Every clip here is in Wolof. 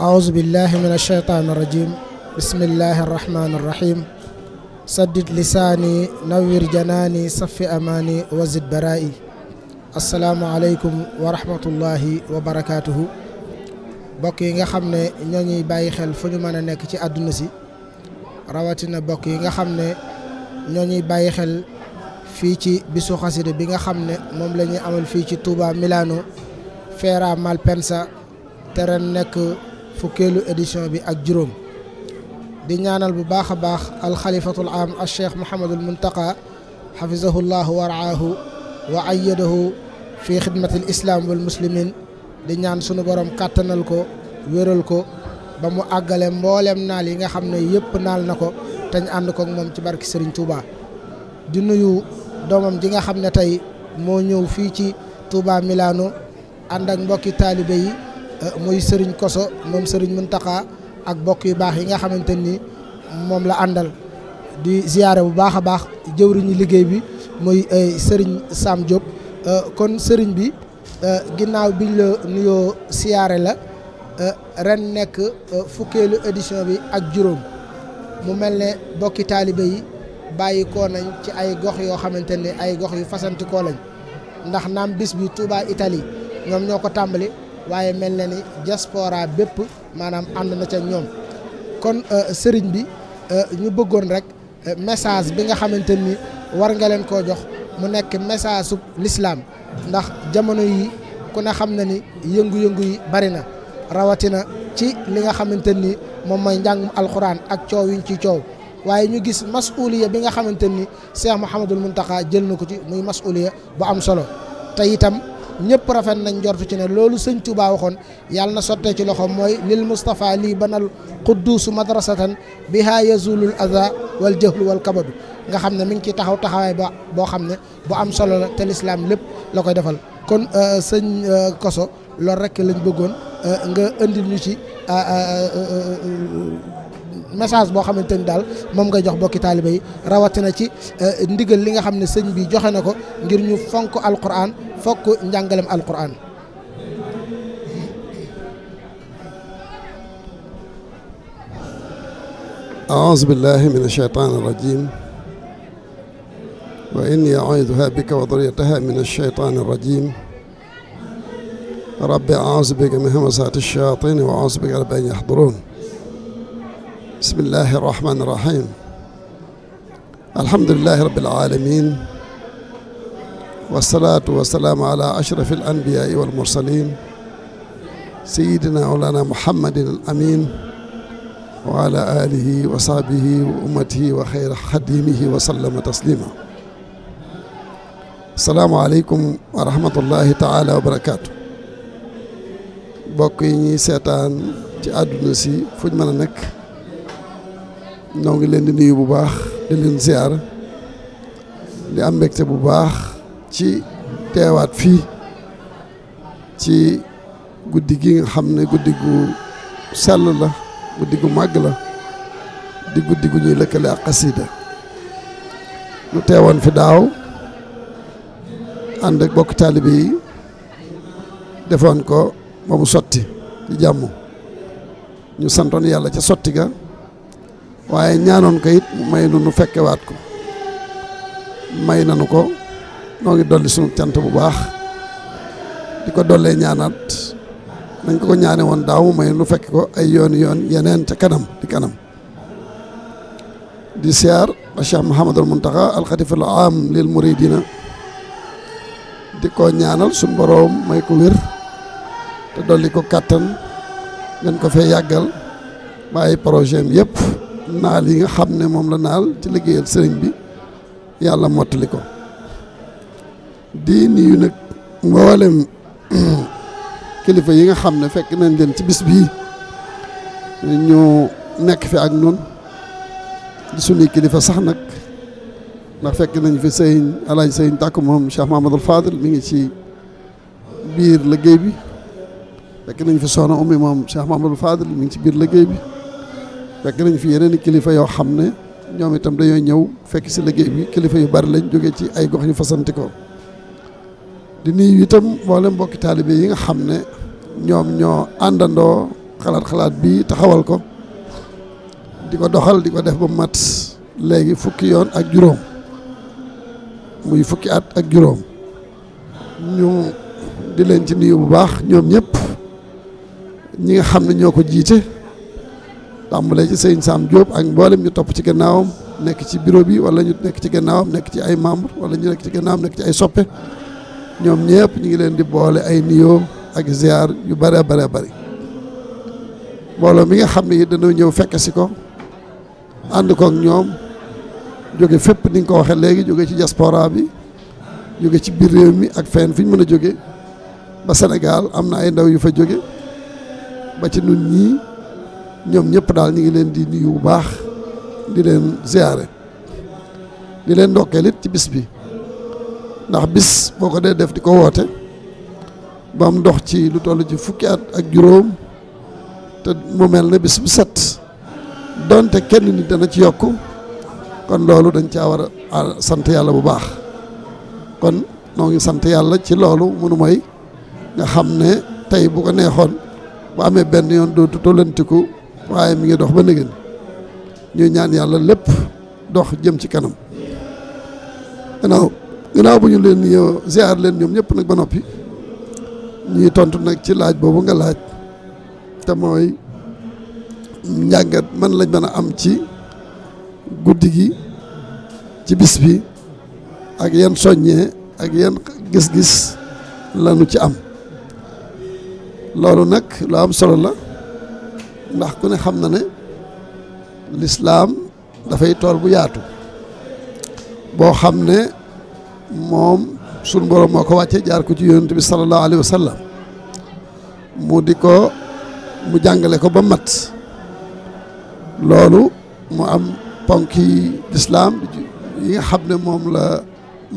أعوذ بالله من الشيطان الرجيم بسم الله الرحمن الرحيم سدد لساني نوّر جناني صف أماني وزد برائي السلام عليكم ورحمة الله وبركاته bokk yi nga xam ne ñoo ñuy bàyyi xel fu ñu mën a nekk ci àdduna si rawatina bokk yi nga xam ne ñoo ñuy bàyyi xel fii ci bisu xasida bi nga xam ne moom lañuy amal fii ci tuubaa Milano Fiera Malpensa te ren nekk fukkeelu édition bi ak juróom di ñaanal bu baax a baax alxalifatul am al cheikh Mouhamadul Muntaqa xafisahullahu waraahu wa ayyadahu fi xidmatil islaam wal muslimin di ñaan sunu borom kàttanal ko wéral ko ba mu àggale mbooleem naal yi nga xam ne yëpp naal na ko te ànd koog moom ci barki Serigne tuuba di nuyu doomam ji nga xam ne tey moo ñëw fii ci Touba milaanu ànd ak mbokki taalibe yi. Eh, muy Serigne Koso moom Serigne Mountakha ak bokk yu baax yi nga xamante ni moom la àndal di ziyaare bu baax a baax jëwriñu liggéey bi muy eh, Serigne Sam Diop eh, kon sëriñ bi ginnaaw biñ la nuyoo siyaare la ren nekk fukkeelu édition bi ak juróom mu mel ne bokki taalibe yi bàyyi koo nañ ci ay gox yoo xamante ne ay gox yu fasantikoo lañ ndax naam bis bi Touba Italie ñoom ñoo ko tàmbali waaye mel na ni diaspora bépp maanaam ànd na ca ñoom kon euh, sëriñ bi euh, ñu bëggoon rek euh, message bi nga xamante ni war nga leen koo jox mu nekk message sub lislaam ndax jamono yi ku ne xam na ni yëngu-yëngu yi bari na rawatina ci li nga xamante ni moom mooy njàngum alxuraan ak coow yuñ ci coow waaye ñu gis masuuliya bi nga xamante ni Cheikh Mouhamadul Mountakha jël na ko ci muy masuuliya bu am solo te itam ñëpp rafet nañ jortu ci ne loolu sëñ Tuubaa waxoon yàlla na sottee ci loxo mooy lil Moustapha lii banal qudduusu madrasatan biha yazulul aza wal jahlu wal kabadu nga xam ne mi ngi ciy taxaw taxawaay ba boo xam ne bu am solo la te lislaam lépp la koy defal kon euh, sëñ euh, Koso loolu rek lañ bëggoon euh, nga indil ñu ci message boo xamante ni daal moom ngay jox bokki taalibe rawatina ci euh, ndigal li nga xam ne sëñ bi joxe na ko ngir ñu fonk alquran fokk njàngalem alquran. أعوذ بالله من الشيطان الرجيم وإني أعيذها بك وذريتها من الشيطان الرجيم رب أعوذ بك من همزات الشياطين وأعوذ بك رب أن يحضرون بسم الله الرحمن الرحيم الحمد لله رب العالمين والصلاة والسلام على أشرف الأنبياء والمرسلين سيدنا مولانا محمد الأمين وعلى آله وصحبه وأمته وخير خديمه وسلم تسليما salaamaaleykum wa rahmatullahi taala wa barakaatu mbokk yi ñuy seetaan ci àdduna si fuñ mën a nekk noo ngi leen di nuyu bu baax di leen ziar di am mbégte bu baax ci teewaat fii ci guddi gi nga xam ne guddi gu sell la guddi gu màgg la di guddi gu ñuy lëkkale ak xasida lu teewoon fi daaw ànd bokk taalibe yi defoon ko ba mu sotti ci jàmm ñu santoon yàlla ca sotti ga waaye ñaanoon ko mu may nu nu ko may nanu ko noo ngi dolli sunu cant bu baax di ko dollee ñaanaat nañ ko ñaane woon daaw may nu fekk ko ay yooni yoon yeneen ca kanam di kanam di siyaar a Cheikh Mouhamadul Muntaxa alxalifatul aam lil muridina di ko ñaanal suñ boroom may ko wér te dolli ko kàttan ngeen ko fee yàggal ba ay projet am naal yi nga xam ne moom la naal ci liggéeyal sëriñ bi yàlla mottali ko di nuyu nag mboolem kilifa yi nga xam ne fekk nañ leen ci bis bii ñu nekk fi ak noon di suñuy kilifa sax nag ndax fekk nañ fi sëñ alaaj sëñ tàkk moom Cheikh Mahamadul Fadil mi ngi ci biir liggéey bi fekk nañ fi soxna ummi moom Cheikh Mahamadul Fadil mu ngi ci biir liggéey bi fekk nañ fii yeneen i kilifa yoo xam ne ñoom itam dañoo ñëw fekk si liggéey bi kilifa yu bari lañ jóge ci ay gox yu fasanti ko di nuyu itam mboolem mbokki taalibe yi nga xam ne ñoom ñoo àndandoo xalaat-xalaat bi taxawal ko di ko doxal di ko def ba mat léegi fukki yoon ak juróom muy fukki at ak juróom ñu di leen ci nuyu bu baax ñoom ñëpp ñi nga xam ne ñoo ko jiite tàmbalee ci Sëriñ Sam Diop ak mboolem ñu topp ci gannaawam nekk ci bureau bi wala ñu nekk ci gannaawam nekk ci ay membre wala ñu nekk ci gannaawam nekk ci ay soppe ñoom ñëpp ñu ngi leen di boole ay nuyoo ak ziar yu bare bare bari mbooloo mi nga xam ne yi dañoo ñëw fekk si ko ànd ko ak ñoom jóge fépp ni nga ko waxee léegi jóge ci diaspora bi jóge ci biir réew mi ak fenn fi ñu mën a jóge ba Sénégal am na ay ndaw yu fa jóge ba ci nun ñii ñoom ñëpp daal ñu ngi leen di nuyu bu baax di leen ziyaare di leen ndokkeel it ci bis bi ndax bis boo ko dee def di ko woote ba mu ndox ci lu toll ci fukki at ak juróom te mu mel ne bis bu set donte kenn nit dana ci yokk kon loolu dañ caa war a sant yàlla bu baax kon noo ngi sant yàlla ci loolu mënu mooy nga xam ne tey bu ko neexoon bu amee benn yoon dootu tollantiku waaye mi ngi dox ba nëgën ñuy ñaan yàlla lépp dox jëm ci kanam gannaaw gannaaw bu ñu leen yow ziar leen ñoom ñëpp nag ba noppi ñuy tontu nag ci laaj boobu nga laaj te mooy njàngat man lañ mën a am ci guddi gi ci bis bi ak yan soññee ak yenn gis-gis lanu ci am loolu nag lu am solo la ndax ku ne xam na ne lislaam dafay tool bu yaatu boo xam ne moom sun borom moo ko wàcce jaar ko ci yonent bi sallallahu alayhi wa sallam mu di ko mu jàngale ko ba mat loolu mu am ponk lislaam yi xam ne moom la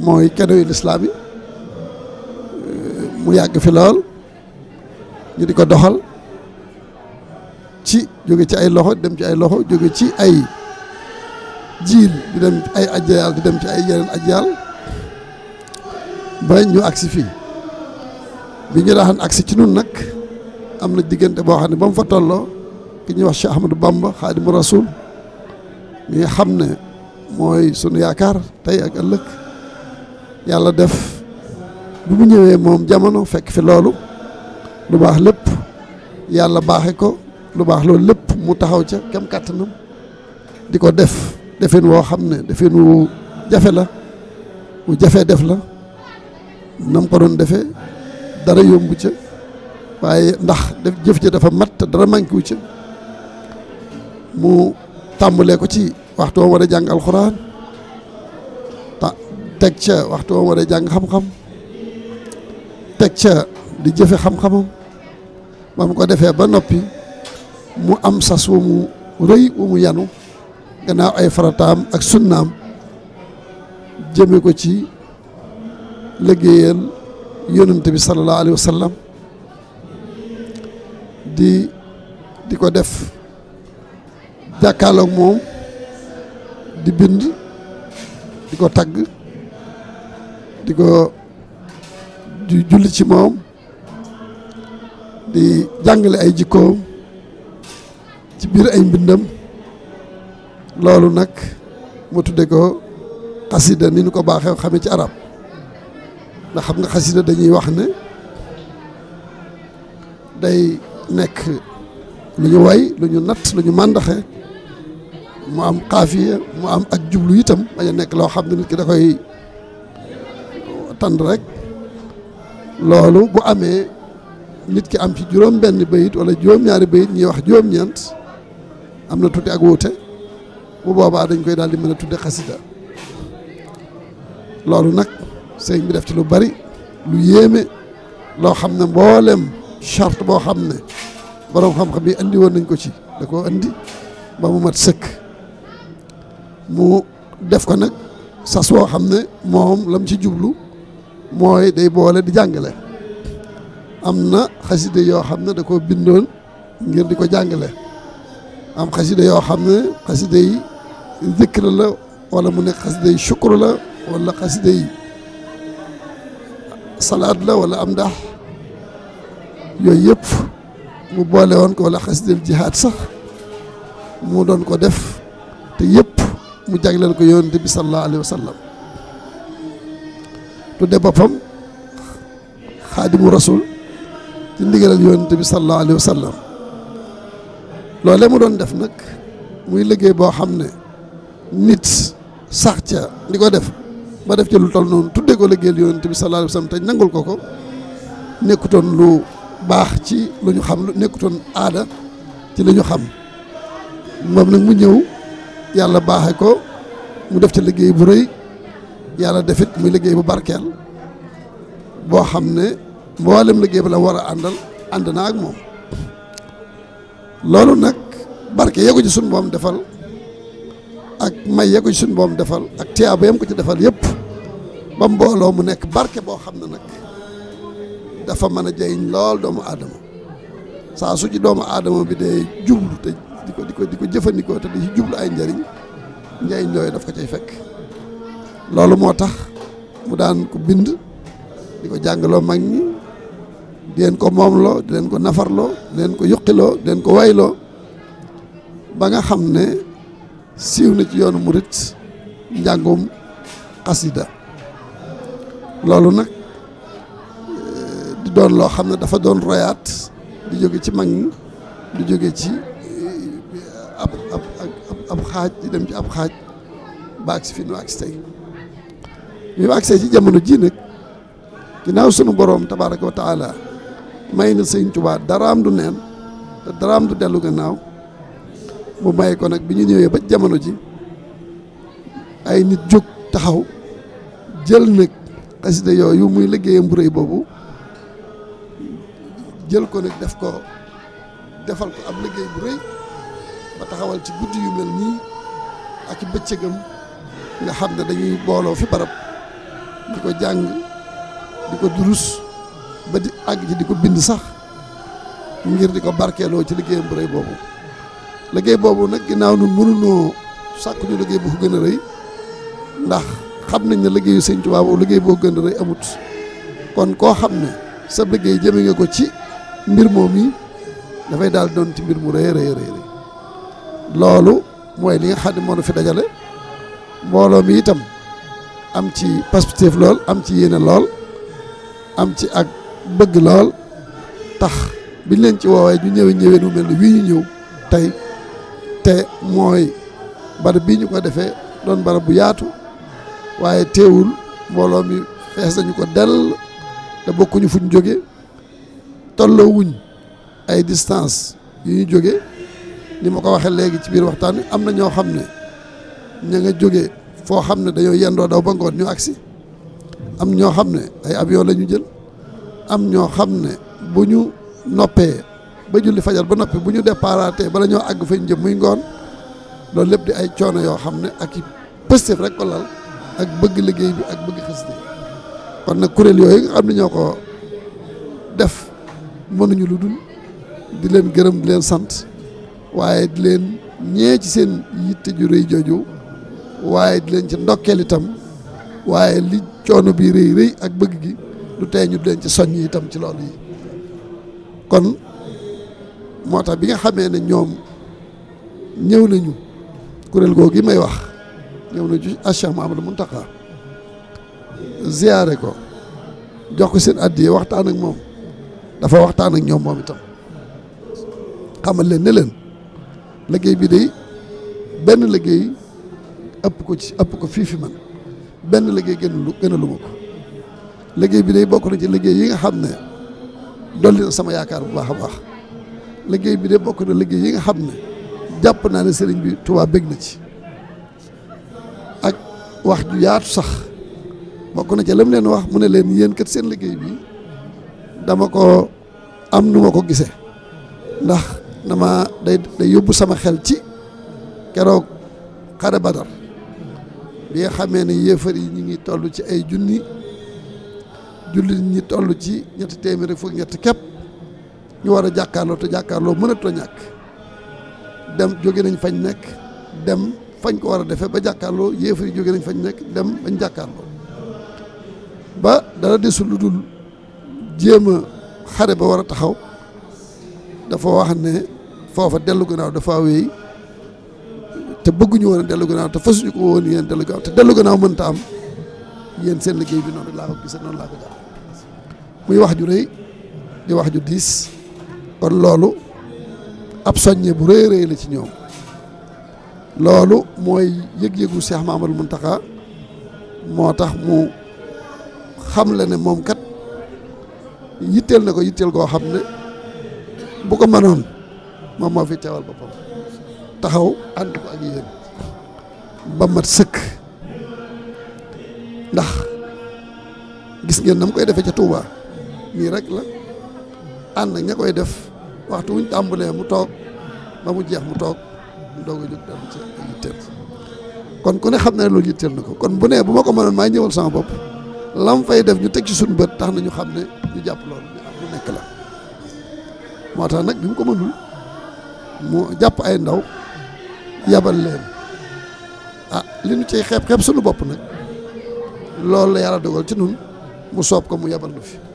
mooy keno lislaam yi mu yàgg fi lool ñu di ko doxal ci jóge ci ay loxo dem ci ay loxo jóge ci ay jiil di dem ay ajjaal di dem ci ay yeneen ajjaal ba ñu agsi fii bi ñu daaxan agsi ci nun nag am na diggante boo xam ne ba mu fa tolloo ki ñuy wax Cheikh Ahmadou Bamba Xaadimu Rasuul mi nga xam ne mooy sunu yaakaar tey ak ëllëg yàlla def bu mu ñëwee moom jamono fekk fi loolu lu baax lépp yàlla baaxe ko lu baax loolu lépp mu taxaw ca kem kàttanam di ko def defin woo xam ne defin wu jafe la mu jafe def la nam ko doon defee dara yomb ca waaye ndax def jëf ja dafa mat te dara manqué wu ca mu tàmbalee ko ci waxtu woon war a jàng alxuraan ta teg ca waxtu woon war a jàng xam-xam teg ca di jëfe xam-xamam ba ko defee ba noppi mu am sas wu mu rëy wu mu yanu gannaaw ay farataam ak sunnaam jëme ko ci liggéeyal yonent bi sallallahu alayhi wa di di ko def jàkkaarloog moom di bind di ko tagg di ko di julli ci moom di jàngale ay jikkoom ci biir ay mbindam loolu nag mu tudde ko xasida ni ñu ko baaxee xamee ci araab ndax xam nga xasida dañuy wax ne day nekk lu ñu way lu ñu natt lu ñu màndaxe mu am xaafiya mu am ak jublu itam dañu nekk loo xam ne nit ki da koy tànn rek loolu bu amee nit ki am ci juróom benn bayit wala juróom-ñaari bayit ñuy wax juróom-ñeent am na tuuti ak wuute bu boobaa dañ koy daal di mën a tudde xasida loolu nag sëñ bi def ci lu bari lu yéeme loo xam ne mboolem charte boo xam ne borom xam-xam yi andi woon nañ ko ci da koo andi ba mu mat sëkk mu def ko nag sas woo xam ne moom lam ci jublu mooy day boole di jàngale am na xasida yoo xam ne da koo bindoon ngir di ko jàngale am xasida yoo xam ne xasida yi zikr la wala mu nekk xasida yi shukr la wala xasida yi salaat la wala am ndax yooyu yëpp mu boole woon ko wala xasidal jihaad sax mu doon ko def te yëpp mu jagleel ko yonent bi sallallahu alayhi wa sallam tudde boppam xaadimu rasul ci ndigalal yonent bi sallallahu alayhi wa sallam loole mu doon def nag muy liggéey boo xam ne nit sax ca li ko def ba def ci lu toll noonu tuddee ko liggéeyal yonent bi sallallahu alayhi wasallam te nangul ko ko nekkutoon lu baax ci lu ñu xam nekkutoon aada ci lu ñu xam moom nag mu ñëw yàlla baaxe ko mu def ci liggéey bu rëy yàlla def it muy liggéey bu barkeel boo xam ne mboolem liggéey bi la war a àndal ànd naa ak moom loolu nag barke yee ko ci suñu boom defal ak may yee ko suñ suñu boom defal ak tiyaaba yam ko ci defal yëpp ba mbooloo mu nekk barke boo xam ne nag dafa mën a jëriñ lool doomu aadama saa su ci doomu aadama bi dee jublu te di ko di ko di ko jëfandikoo te di ci jublu ay njariñ njëriñ yooyu daf ko cay fekk loolu moo tax mu daan ko bind di ko jàngaloo mag ñi di leen ko loo di leen ko nafarloo di leen ko yuqiloo di leen ko wayloo ba nga xam ne siiw na ci yoonu murit njàngum xasida loolu nag eh, di doon loo xam ne dafa doon royaat di jóge ci mag ñi di jóge ci eh, ab ab ab xaaj di dem ci ab xaaj ba agsi fi nu agsi tey bi mu agsee ci jamono ji nag ginnaaw sunu boroom tabaaraka wa may na sëñ Tuubaa daraam du neen te daraam du dellu gannaaw mu may ko nag bi ñu ñëwee ba jamono ji ay nit jóg taxaw jël nag xasida yooyu muy liggéeyam bu rëy boobu jël ko nag def ko defal ko am liggéey bu rëy ba taxawal ci guddi yu mel nii ak bëccëgam nga xam ne dañuy booloo fi barab di ko jàng di ko durus ba di àgg ci di ko bind sax ngir di ko barkeeloo ci liggéeyam bu rëy boobu liggéey boobu nag ginnaaw nun mënunoo sàkk liggéey bu ko gën a rëy ndax xam nañ na liggéeyu Sëñ Tuubaa liggéey boo gën a rëy amut kon koo xam ne sa liggéey jëme nga ko ci mbir moom yi dafay daal doon ci mbir mu rëy rëy rëy loolu mooy li nga xam ne moo fi dajale mbooloo mi itam am ci positif lool am ci yéene lool am ci ak bëgg lool tax biñ leen ci woowee ñu ñëwee ñëwee nu mel ne wii ñu ñëw tey te mooy barab bii ñu ko defee doon barab bu yaatu waaye teewul mbooloo mi fees nañu ko dell te bokkuñu fu ñu jóge tolloowuñ ay distance yu ñu jóge ni ma ko waxee léegi ci biir waxtaan wi am na ñoo xam ne ña nga jóge foo xam ne dañoo yendoo daw ba ngoon ñu agsi am ñoo xam ne ay avion la ñu jël am ñoo xam ne bu ñu noppee ba julli fajar ba noppi bu ñu départee bala ñoo àgg fañ jëm muy ngoon loolu lépp di ay coono yoo xam ne ak i pëstéef rek ko lal ak bëgg liggéey bi ak bëgg xasida kon nag kuréel yooyu nga xam ne ñoo ko def mënuñu lu dul di leen gërëm di leen sant waaye di leen ñee ci seen yitte ju rëy jooju waaye di leen ci ndokkeel itam waaye li coono bii rëy rëy ak bëgg gi du tey ñu leen ci soññ itam ci loolu yi kon moo tax bi nga xamee ne ñoom ñëw nañu kuréel googu yi may wax ñëw nañu ci Cheikh Mouhamadou Mountakha ziyaare ko jox ko seen addiya waxtaan ak moom dafa waxtaan ak ñoom moom itam xamal leen ne leen liggéey bi day benn liggéey ëpp ko ci ëpp ko fii fi man benn liggéey gën lu a lu ma ko liggéey bi day bokk na ci liggéey yi nga xam ne dolli na sama yaakaar bu baax a baax liggéey bi de bokk na liggéey yi nga xam ne jàpp naa ne sëriñ bi Tuubaa bég na ci ak wax ju yaatu sax bokk na ca lam leen wax mu ne leen yéen kat seen liggéey bi dama ko am nu ma ko gisee ndax dama day day yóbbu sama xel ci keroog xare Badar bi nga xamee ne yéefar yi ñu ngi toll ci ay junni jullit ñi toll ci ñetti téeméeri foog ñett képp ñu war a jàkkaarloo te jàkkaarloo mënatu a ñàkk dem jóge nañ fañ nekk dem fañ ko war a defe ba jàkkaarloo yéefar yi jóge nañ fañ nekk dem bañ jàkkaarloo ba dara desul lu dul jéem a xare ba war a taxaw dafa wax ne foofa dellu gannaaw dafa wéy te bëgguñu woon a dellu gannaaw te fasuñu ko woon yéen dellu gannaaw te dellu gannaaw mënta am yéen seen liggéey bi noonu laa ko gisee noonu laa ko jàpp muy wax ju réy di wax ju diis kon loolu ab soññe bu rëy rëy la ci ñoom loolu mooy yëg-yëgu Cheikh Mamadou Mountakha moo tax mu xam la ne moom kat yitteel na ko yitteel koo xam ne bu ko mënoon moom moo fi teewal boppam taxaw ànd ko ak yéen ba mat sëkk ndax gis ngeen dam koy defee ca tuubaa lii rek la ànd ak ña koy def waxtu wuñ tàmbalee mu toog ba mu jeex mu toog mu doog a jóg dem yitteel kon ku ne xam na ne loolu yitteel na ko kon bu nee bu ma ko mënoon maa ñëwal sama bopp lam fay def ñu teg ci suñu bët tax na ñu xam ne ñu jàpp moo tax nag bi ko mënul mu jàpp ay ndaw yabal leen a ah, li ñu ciy xeeb xeeb suñu bopp nag loolu la yàlla dogal ci nun mu soob ko mu yabal na fi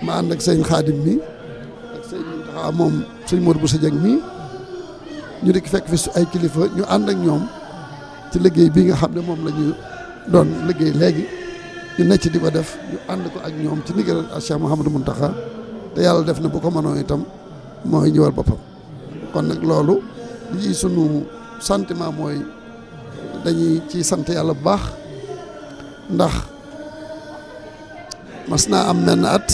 ma ànd ak sëñ xaadim mi ak sëñ Muntaxa moom sëñ Modou Bousso Dieng mi ñu dikk fekk fi ay kilifa ñu ànd ak ñoom ci liggéey bii nga xam ne moom la ñu doon liggéey léegi ñu nekk di ko def ñu ànd ko ak ñoom ci ndigal ak Cheikh Mouhamadou Muntaxa te yàlla def na bu ko mënoo itam mooy ñëwal boppam kon nag loolu lii sunu sentiment mooy dañuy ci sant yàlla bu baax ndax mas naa am menn at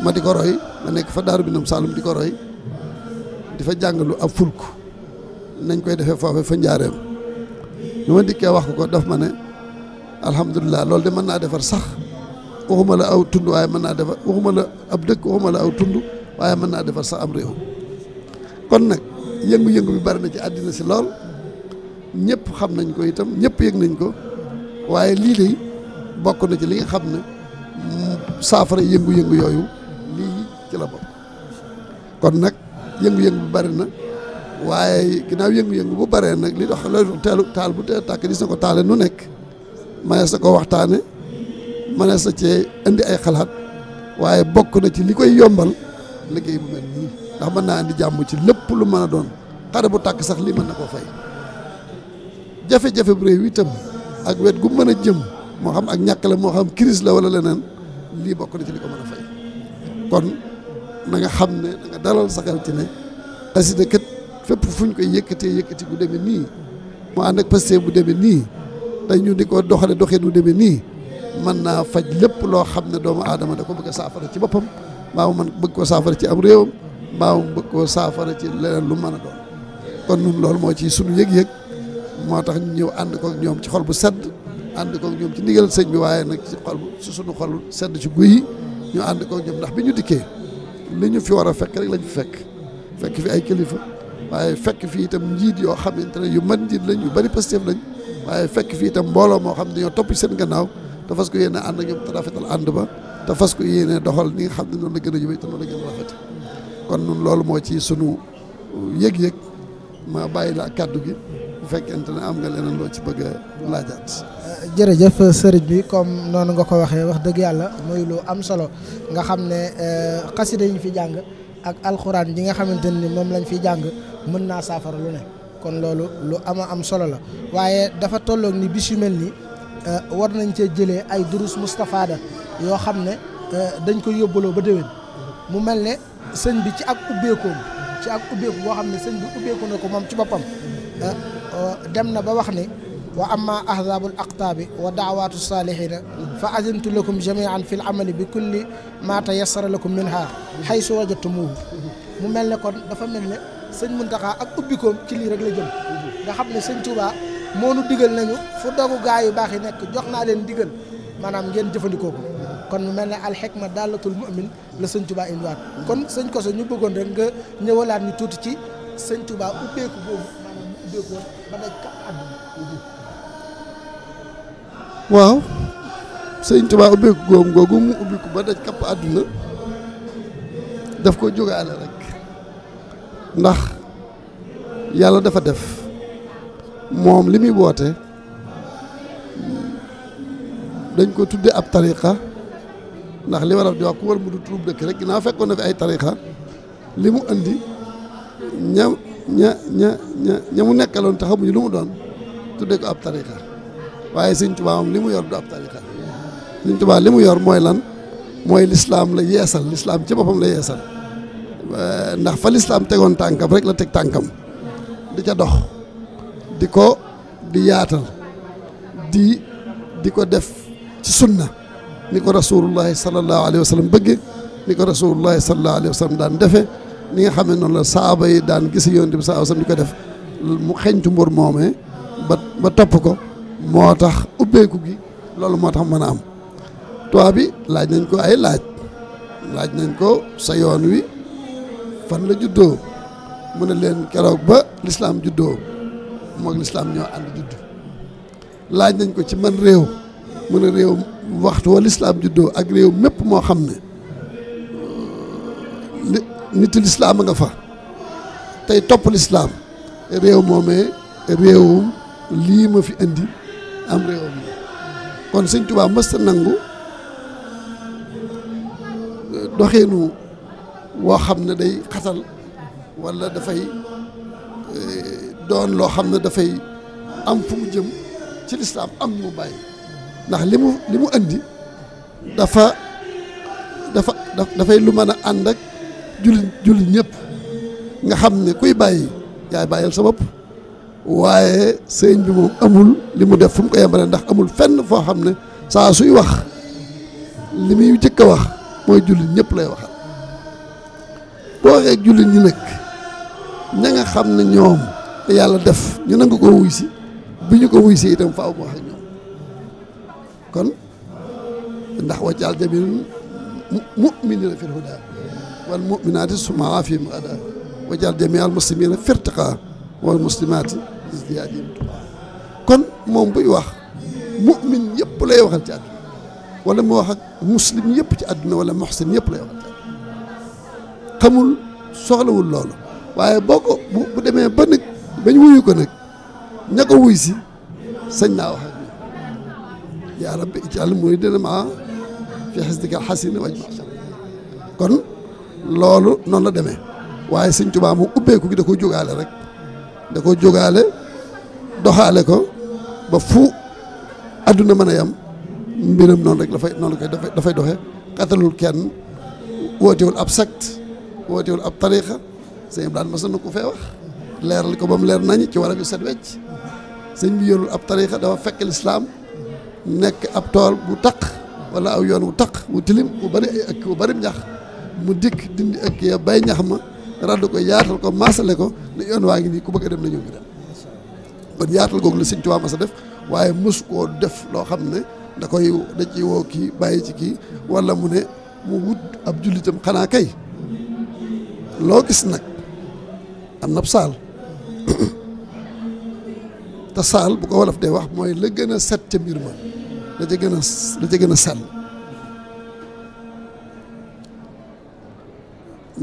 ma di ko roy ma nekk fa daaru Minam Saalum di ko roy di fa jàngalu ab fulk nañ koy defee foofe fa njaareem lu ma dikkee wax ko daf ma ne alhamdulilah loolu de mën naa defar sax waxuma la aw tund waaye mën naa defar waxuma la ab dëkk waxuma aw tund waaye mën naa defar sax am réew kon nag yëngu-yëngu bi bari na ci àddina si lool ñëpp xam nañ ko itam ñëpp yëg nañ ko waaye lii de bokk na ci li nga xam ne saafara yëngu-yëngu yooyu ci la bokk kon nag yëngu-yëngu bu bari na waaye ginnaaw yëngu-yëngu bu baree nag li dox la teelu taal bu teel tàkk di sa ko taale nu nekk mënees sa ko waxtaane mënees sa cee indi ay xalaat waaye bokk na ci li koy yombal liggéey bu mel nii ndax mën naa indi jàmm ci lépp lu mën a doon xare bu tàkk sax lii mën na koo fay jafe-jafe bu réew itam ak wet gu mën a jëm moo xam ak ñàkk la moo xam crise la wala leneen lii bokk na ci li ko mën a fay kon na nga xam ne da dalal sa xel ci ne xasida kat fépp fu ñu koy yëkkatee yëkkati bu demee nii mu ànd ak paste bu demee nii dañu ñu di ko doxale doxee du demee nii mën naa faj lépp loo xam ne doomu aadama da ko bëgg saafara ci boppam mbaa man mën bëgg koo saafara ci am réewam mbaa mu bëgg koo saafara ci leneen lu mën a doon kon nun loolu moo ci sunu yëg-yëg moo tax ñu ñëw ànd kook ñoom ci xol bu sedd ànd kook ñoom ci ndigal sëñ bi waaye nag ci xol su sunu xol sedd ci guy ñu ànd kook ñoom ndax bi ñu dikkee li ñu fi war a fekk rek lañ fekk fekk fi ay kilifa waaye fekk fii itam njiit yoo xamante ne yu mën njiit lañ yu bari positif lañ waaye fekk fii itam mbooloo moo xam ne dañoo topp seen gannaaw te fas ko yéene ànd ak ñoom te rafetal ànd ba te fas ko yéene doxal ni nga xam ne noonu la gën a jubee te noonu la gën a rafet kon loolu moo ci sunu yëg-yëg ma bàyyi laa ak kàddu gi bu fekkente ne am nga leneen loo ci bëgg a laajaat. jërëjëf sëriñ bi comme noonu nga ko waxee wax dëgg yàlla mooy lu am solo nga xam ne euh, xasida yi fi jàng ak alxuraan ji nga xamante ni moom lañ fi jàng mën naa saafara lu ne kon loolu lu ama am solo la waaye dafa tolloog ni bis yu mel nii euh, war nañ cee jëlee ay durus mustafaada yoo xam ne euh, dañ ko yóbbaloo ba déwén mu mel ne sëñ bi ci ak ubbeekoom ci ak ubbeeku boo xam ne sëñ bi ubbeeku na ko moom ci boppam dem na ba wax ni wa amma ahzaabul aqtaabi wa daawaatu saalihiina fa azintu lakum an fi l amali bi kulli maa tayassara lakum minha haysu wajadtumuuhu mu mel ne kon dafa mel ne sëñ Muntaxa ak ubbikoom ci lii rek la jëm nga xam ne sëñ Tuubaa moonu digal nañu fu dogu gaa yu baax yi nekk jox naa leen digal maanaam ngeen jëfandikoo ko kon mu mel ne al alxikma daalatul mu'min la sëñ Tuubaa indiwaat kon sëñ Koso ñu bëggoon rek nga ñëwalaat ñu tuuti ci sëñ Tuubaa tuddee ko ba daj ka àdduna waaw sëñ Tuubaa ubbeeku góom googu mu ubbiku ba daj kapp àdduna daf koo jógaale rek ndax yàlla dafa def moom li muy woote dañ koo tuddee ab tariqa ndax li a di wax ku war mu du turub dëkk rek ginnaaw fekkoon na fi ay tariqa li mu andi ña ña ña ña ña mu nekkaloon te xamuñu lu mu doon tudde ko ab tariqa waaye sëñ Tuubaa moom li mu yor du ab tariqa sëñ Tuubaa li mu yor mooy lan mooy lislaam la yeesal lislaam ci boppam la yeesal eh, ndax fa lislaam tegoon tànkam rek la teg tànkam di ca dox di ko di yaatal di di ko def ci sunna ni ko rasulullahi sallallahu alayhi wa sallam bëgge ni ko rasulullahi sallallahu alayhi wa sallam daan defe ni nga xam ne noonu la saaba yi daan gis yoon bi saa sam di ko def mu xeñtu mbur moomee ba ba topp ko moo tax ubbeeku gi loolu moo tax mën a am toit bi laaj nañ ko ay laaj laaj nañ ko sa yoon wi fan la juddoo mu ne leen keroog ba lislaam juddoo moog lislaam ñoo ànd judd laaj nañ ko ci man réew mu ne réew waxtu wa lislaam juddoo ak réew mépp moo xam ne nit lislaam a nga fa tey topp lislaam réew moomee réewum lii ma fi indi am réewam la kon sëñ Tuubaa mësta nangu euh, doxinu woo xam ne day xatal walla dafay euh, doon loo xam ne dafay am fu mu jëm ci lislaam am mu bàyyi ndax li mu li mu indi dafa dafa dafay lu mën a ànd ak jullit jullit ñëpp nga xam ne kuy bàyyi yaay bàyyil sa bopp waaye sëñ bi moom amul li mu def fu mu ko yemale ndax amul fenn foo xam ne saa suy wax li muy jëkk a wax mooy jullit ñëpp lay waxal boo waxee jullit ñi nag ña nga xam ne ñoom te yàlla def ñu nangu ko wuy si bi ñu ko wuy si itam faaw mu wax ak ñoom kon ndax wàccaal jamiin mu'minina fil huda wal mu'minati sum'a fi ma'ada wajal jami'a al muslimina firtiqa wal muslimati ziyadin kon moom buy wax mu'min yëpp lay waxal ci àdduna wala mu wax ak muslim yëpp ci àdduna wala muhsin yëpp lay waxal xamul soxlawul loolu waaye boo ko bu demee ba nag bañ wuyu ko nag ña ko wuy si sañ naa wax ak yaa rabbi ijal muridina maa fi xisdika xasin waj ma kon loolu noonu la demee waaye sëñ Tuubaa mu ubbeeku gi da ko jógaale rek da ko jógaale doxaale ko ba fu adduna mën a yam mbiram noonu rek dafay noonu koy dafay doxe xatalul kenn wootewul ab sect wootewul ab tariqa sëñ bi daan mas na ko fee ko ba leer nañ ci war bi set wecc sëñ ab tariqa dafa fekk lislaam nekk ab tool bu taq wala aw yoon wu taq wu tilim wu bari ak ëkk wu bari ñax mu dikk dindi ëkk ya bay ñax ma radd ko yaatal ko maasale ko ne yoon waa ngi nii ku bëgg a dem na ñëw ngi dem kon yaatal googu la Sëñ Tuubaa mas def waaye mës koo def loo xam ne da da ciy woo kii bàyyi ci kii wala mu ne mu wut ab jullitam xanaa kay loo gis nag am na saal te saal bu ko wolof dee wax mooy la gën a set ca mbir ma la ca gën a la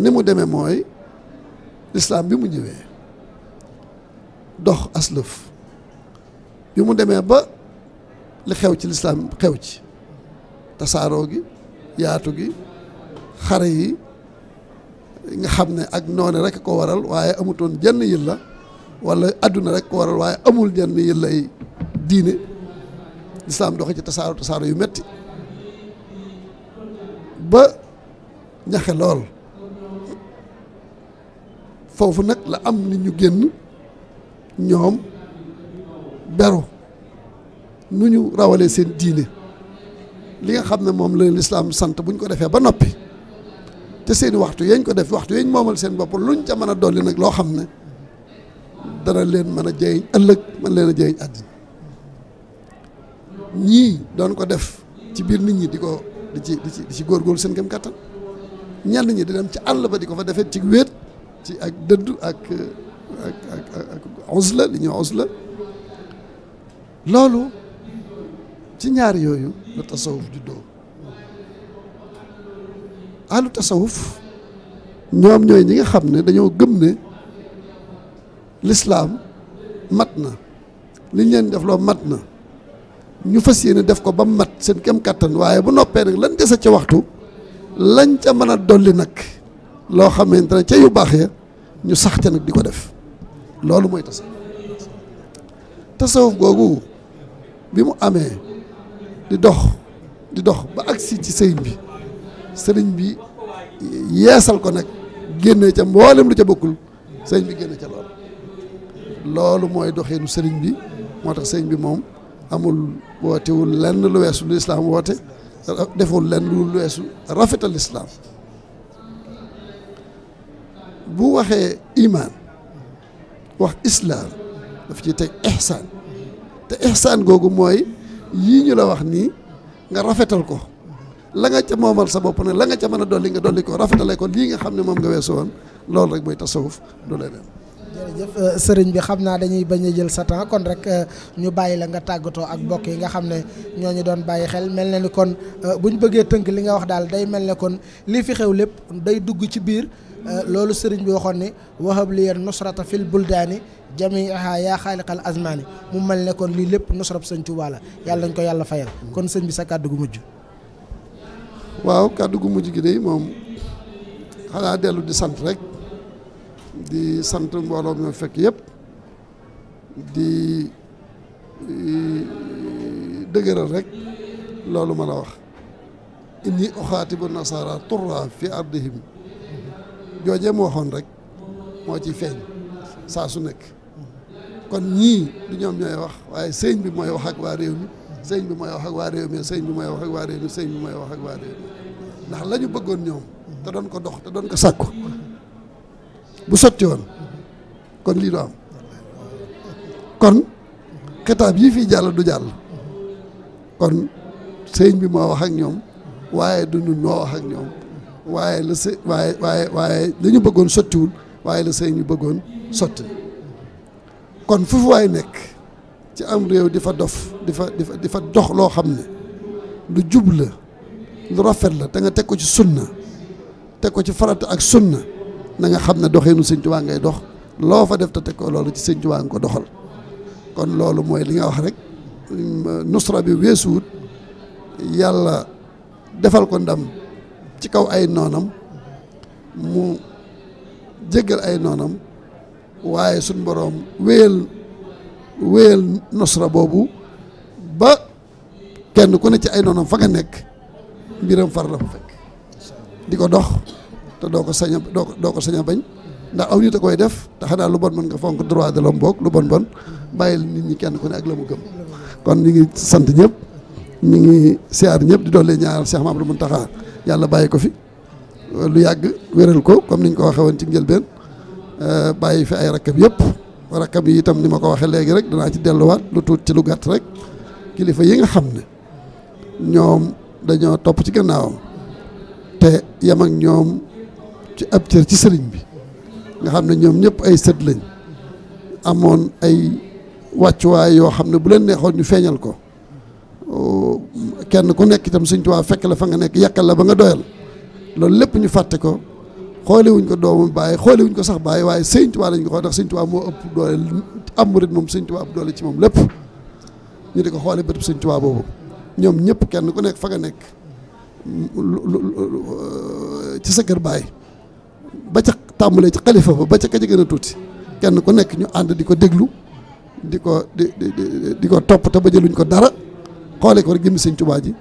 ni mu demee mooy lislaam bi mu ñëwee dox aslëf bi mu demee ba li xew ci lislaam xew ci tasaaroo gi yaatu gi xare yi nga xam ne ak noone rek ko waral waaye amutoon jenn yilla wala àdduna rek ko waral waaye amul jenn yillay diine lislaam doxe ci tasaaro tasaaro yu metti ba ñaxe lool foofu nag la am nit ñu génn ñoom beru nu ñu rawalee seen diine li nga xam ne moom la lislaam sant bu ñu ko defee ba noppi te seen waxtu yañ ko def waxtu yañ moomal seen bopp luñ ca mën a dolli nag loo xam ne dana leen mën a jëriñ ëllëg mën leen a jëriñ àddina ñii doon ko def ci biir nit ñi di ko di ci di ci di ci seen kem kàttan ñenn ñi di dem ci àll ba di ko fa defee ci wéet ci ak dëddu ak ak ak ak uzla li ñuy loolu ci ñaar yooyu la tasawuf ñoom ñoy ñi nga xam ne dañoo gëm ne lislaam mat na liñ leen def loo mat na ñu fas yéene def ko ba mu mat seen kem kàttan waaye bu noppee nag lan dese ca waxtu lañ ca mën a dolli nag loo xamante ne ca yu baax ya ñu sax ca nag di ko def loolu mooy tasawuf tasawuf googu bi mu amee di dox di dox ba agsi ci sëriñ bi sëriñ bi yeesal ko nag génnee ca mboolem lu ca bokkul sëriñ bi génne ca loolu loolu mooy doxeenu sëriñ bi moo tax sëriñ bi moom amul wootewul lenn lu weesu lu islaam woote deful lenn lu weesu rafetal islaam bu waxee imaan wax islaam daf ci teg ihsaan te ihsaan googu mooy yii ñu la wax nii nga rafetal ko la nga ca moomal sa bopp nag la nga ca mën a dolli nga dolli ko rafetale ko lii nga xam ne moom nga weesu woon loolu rek mooy tasawuf du leneen jërëjëf euh, sëriñ bi xam naa dañuy bañ a jël sa kon rek euh, ñu bàyyi la nga tàggatoo ak mbokk yi nga xam ne ñoo ñu doon bàyyi xel mel na ni kon euh, bu ñu bëggee tënk li nga wax daal day mel ne kon lii fi xew lépp day dugg ci biir loolu sëriñ bi waxoon ni wahab li yan nusrata fil buldaani jamiiha yaa xaaliqal azmaani mu mel ne kon lii lépp nusrab sëñ Tuubaa yàlla nañ ko yàlla fayal kon sëñ bi sa kàddu gu mujj waaw kàddu gu mujj gi day moom xanaa dellu di sant rek di sant mbooloo mi fekk yëpp di eh, dëgëral rek loolu ma la wax inni oxaatibu nasaara turra fi ardihim joojee mu waxoon rek moo ci feeñ saa su nekk kon ñii du ñoom ñooy wax waaye sëñ bi mooy wax ak waa réew mi sëñ bi mooy wax ak waa réew mi sëñ bi mooy wax waa réew mi sëñ wax ak waa ndax lañu bëggoon ñoom te doon ko dox te doon ko sàkku bu sotti woon kon lii du am kon xitaab yii fii jàll du jàll kon sëñ bi moo wax ak ñoom waaye du ñun noo wax ak ñoom waaye la së waaye waaye waaye la bëggoon sottiwul waaye la sëñ ñu bëggoon sotti kon foofu waay nekk ci am réew di fa dof di fa di fa dox loo xam ne lu jub la lu rafet la te nga teg ko ci sunna teg ko ci farata ak sunna na nga xam ne doxeenu sëñ Tuubaa ngay dox loo fa def te teg ko loolu ci sëñ Tuubaa nga ko doxal kon loolu mooy li nga wax rek nusra bi weesuwut yàlla defal ko ndam ci kaw ay noonam mu jéggal ay noonam waaye suñ boroom wéyal wéyal nusra boobu ba kenn ku ne ci ay noonam fa nga nekk mbiram far la fa fekk di ko dox te doo ko sañ doo ko doo bañ ndax aw nit a koy def te xanaa lu bon mën nga fonk droit de l'homme boog lu bon bon bàyyil nit ñi kenn ko ne ak la mu gëm kon ñu ngi sant ñëpp ñu ngi siyaar ñëpp di doole ñaar Cheikh Mamadou taxa yàlla bàyyi ko fi lu yàgg wéral ko comme niñ ko waxee woon ci njëlbeen euh, bàyyi fi ay rakkam yëpp rakkam yi itam ni ma ko waxee léegi rek danaa ci delluwaat lu tuut ci lu gàtt rek kilifa yi nga xam ne ñoom dañoo topp ci gannaawam te yam ñoom ab cër ci sëriñ bi nga xam ne ñoom ñëpp ay sët lañ amoon ay wàccuwaay yoo xam ne bu leen neexoon ñu feeñal ko kenn ku nekk itam Sëriñ Tuubaa fekk la fa nga nekk yàkkal la ba nga doyal loolu lépp ñu fàtte ko xoole wuñ ko doomu bàyyi xoole wuñ ko sax bàyyi waaye Sëriñ Tuubaa lañ ko xool ndax Sëriñ moo ëpp doole am murit moom Sëriñ Tuubaa ëpp doole ci moom lépp ñu di ko xoole bëtub Sëriñ Tuubaa boobu ñoom ñëpp kenn ku nekk fa nga nekk ci sa kër bàyyi ba ca tàmbalee ci xalifa ba ba ca ka ci gën tuuti kenn ku nekk ñu ànd di ko déglu di ko di di di ko topp te ba jëluñ ko dara xoolee ko rek jëmmi sëñ Tuubaa ji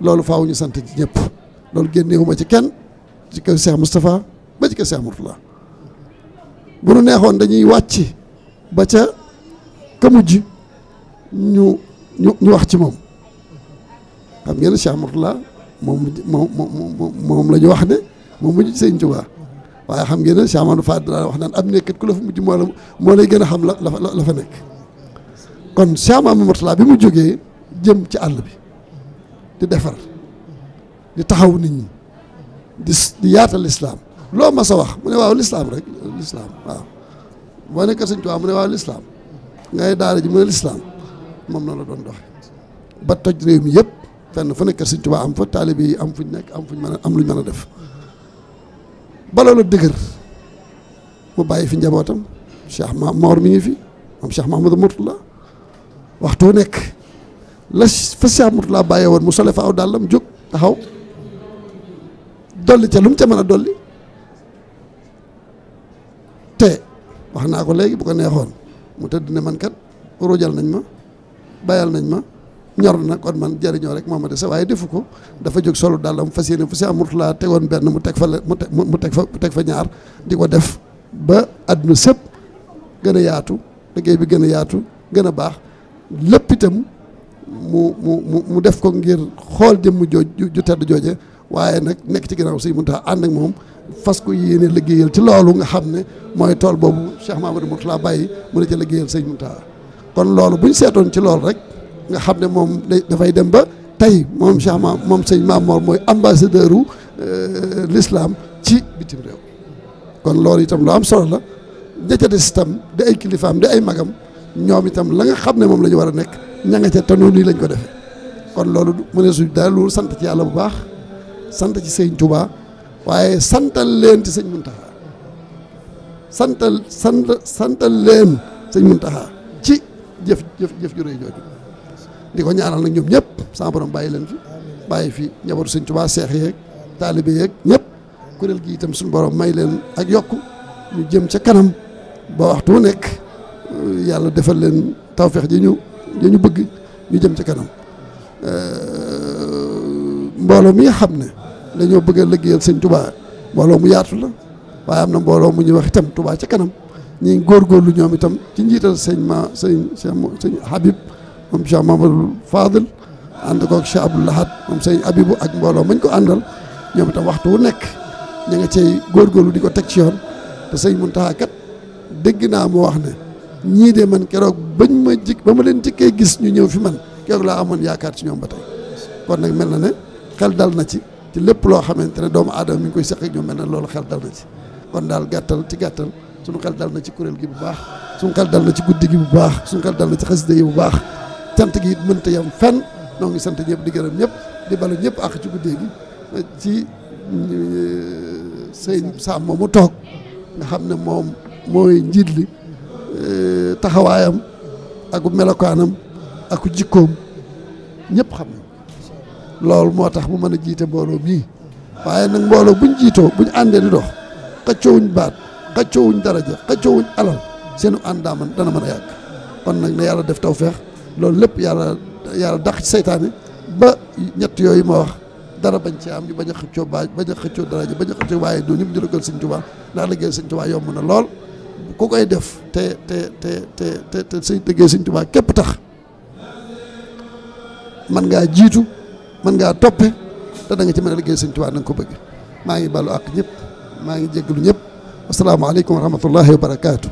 loolu faaw ñu sant ji ñëpp loolu génneewuma ci kenn ci kër Cheikh Moustapha ba ci kër Cheikh bu nu neexoon dañuy wàcc ba ca ka mujj ñu ñu ñu wax ci moom xam ngeen Cheikh Mourtala moom moom moom la ñu wax ne moom mujj sëñ Tuubaa waaye xam ngeen ne Cheikh Amadou fa daan wax naan ab nekkat ku la fa mujj moo la moo lay gën a xam la la fa nekk kon Cheikh Mamadou bi mu jógee jëm ci àll bi di defar di taxaw nit ñi di di loo mas a wax mu ne waaw rek lislaam waaw boo nekk sëñ Tuubaa ne waaw lislaam ngay daara ji moom na la doon doxe ba toj réew mi yëpp fenn fu nekk sëñ Tuubaa am fa taalibe yi am fuñ nekk am fuñ mën am luñ mën a def baloon a dëgër mu bàyyi fi njabootam Cheikh Ma Mor mi ngi fi moom Cheikh Mahamadou la waxtu nekk la fa Cheikh Mourtala bàyyee woon mu sole fa aw mu jóg taxaw dolli ca lu mu ca mën a dolli te wax naa ko léegi bu ko neexoon mu tëdd ne man kat rójal nañ ma bayal nañ ma ñor na kon man jariñoo rek moom ma dese waaye defu ko dafa jóg solu dàllam fas yéene fu si amurtulaa tegoon benn mu teg fa la mu teg fa mu teg fa ñaar di ko def ba àdduna sëpp gën a yaatu liggéey bi gën a yaatu gën a baax lépp itam mu mu mu def ko ngir xool jëmm jooj ju tedd jooje waaye nag nekk ci ginnaaw si Muntaxa ànd ak moom fas ko yéene liggéeyal ci loolu nga xam ne mooy tool boobu Cheikh Mamadou Mourtala bàyyi mu ne ci liggéeyal sëñ Muntaxa kon loolu buñ seetoon ci loolu rek nga xam ne moom dafay dem ba tey moom Cheikh Maam moom sëñ Maam mooy ambassadeur u euh, l'islam ci bitim réew kon loolu itam lu am solo la ña ca des itam di ay kilifaam di ay magam ñoom itam la nga xam ne moom la ñu war a nekk ñanga nga ca tanu nii lañ ko defee kon loolu mu ne suñ daal loolu sant ci yàlla bu baax sant ci sëñ Touba waaye santal leen ci sëñ Muntaxa santal sant santal leen sëñ Muntaxa ci jëf jëf jëf ju rëy di ko ñaanal nag ñoom ñëpp sama borom bàyyi leen fi bàyyi fi njabootu sëñ Tuubaa seex yeeg taalibe yeeg ñëpp kuréel gi itam suñu borom may leen ak yokku ñu jëm ca kanam ba waxtu wu nekk yàlla defal leen tawfeex ji ñu ji bëgg ñu jëm ca kanam mbooloo mi nga xam ne dañoo bëgg a liggéeyal sëñ tubaa mbooloo mu yaatu la waaye am na mbooloo mu ñuy wax itam tubaa ca kanam ñi góorgóorlu ñoom itam ci njiital sëñ ma sëñ sëñ Habib moom Cheikh Mamadou Fadil ànd koog Cheikh Abdou Lahad moom sëñ Abibu ak mbooloo mañ ko àndal ñoom tam waxtu wu nekk ña nga cay góorgóorlu di ko teg ci yoon te sëñ Muntaxa kat dégg naa mu wax ne ñii de man keroog bañ ma jik ba ma leen jikkee gis ñu ñëw fi man keroog laa amoon yaakaar ci ñoom ba tey kon nag mel na ne xel dal na ci ci lépp loo xamante ne doomu aadama mi ngi koy seq ak ñoom na loolu xel dal na ci daal gàttal ci gàttal suñu xel dal na ci kuréel gi bu baax suñu xel dal na ci guddi gi bu baax suñu xel dal na ci xasida yi bu baax sant gi it mënta yam fenn noo ngi sant ñëpp di gërëm ñëpp di balu ñëpp ak ci guddee gi ci eh, sëñ Sam mu toog nga xam ne moom mooy njiit li eh, taxawaayam ak melokaanam ak jikkoom ñëpp xam na loolu moo tax mu mën a jiite mbooloo mii waaye nag mbooloo buñ jiitoo buñ àndee di dox xëccoowuñ baat xëccoowuñ daraja xëccoowuñ alal seenu ànd daa man dana mën a yàgg kon nag na yàlla def taw tawfeex loolu lépp yàlla yàlla dàq ci seytaane ba ñett yooyu ma wax dara bañ ci am ñu bañ a xëccoo baaj bañ a xëccoo daraja bañ a xëccoo waaye du ñëpp ñu dëggal sëñ Tuubaa ndax liggéey sëñ Tuubaa yomb na lool koy def te te te te sëñ liggéey sëñ Tuubaa képp tax mën ngaa jiitu mën ngaa toppe te da ci mën a liggéey sëñ Tuubaa na ko bëgg maa ngi balu àq ñëpp maa ngi lu ñëpp asalaamaaleykum wa rahmatullahi wa barakaatu.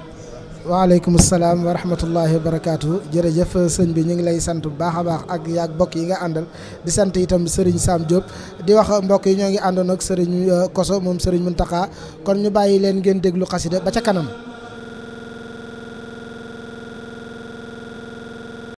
waaleykum salaam wa rahmatullahi wa barakaatu jërëjëf sëñ bi ñu ngi lay sant bu baax a baax ak yaag mbokk yi nga àndal di sant itam Serigne Sam Diop di wax mbokk yi ñoo ngi àndoon ak Serigne euh, Koso moom Serigne Mountakha kon ñu bàyyi leen ngeen déglu xasida ba ca kanam.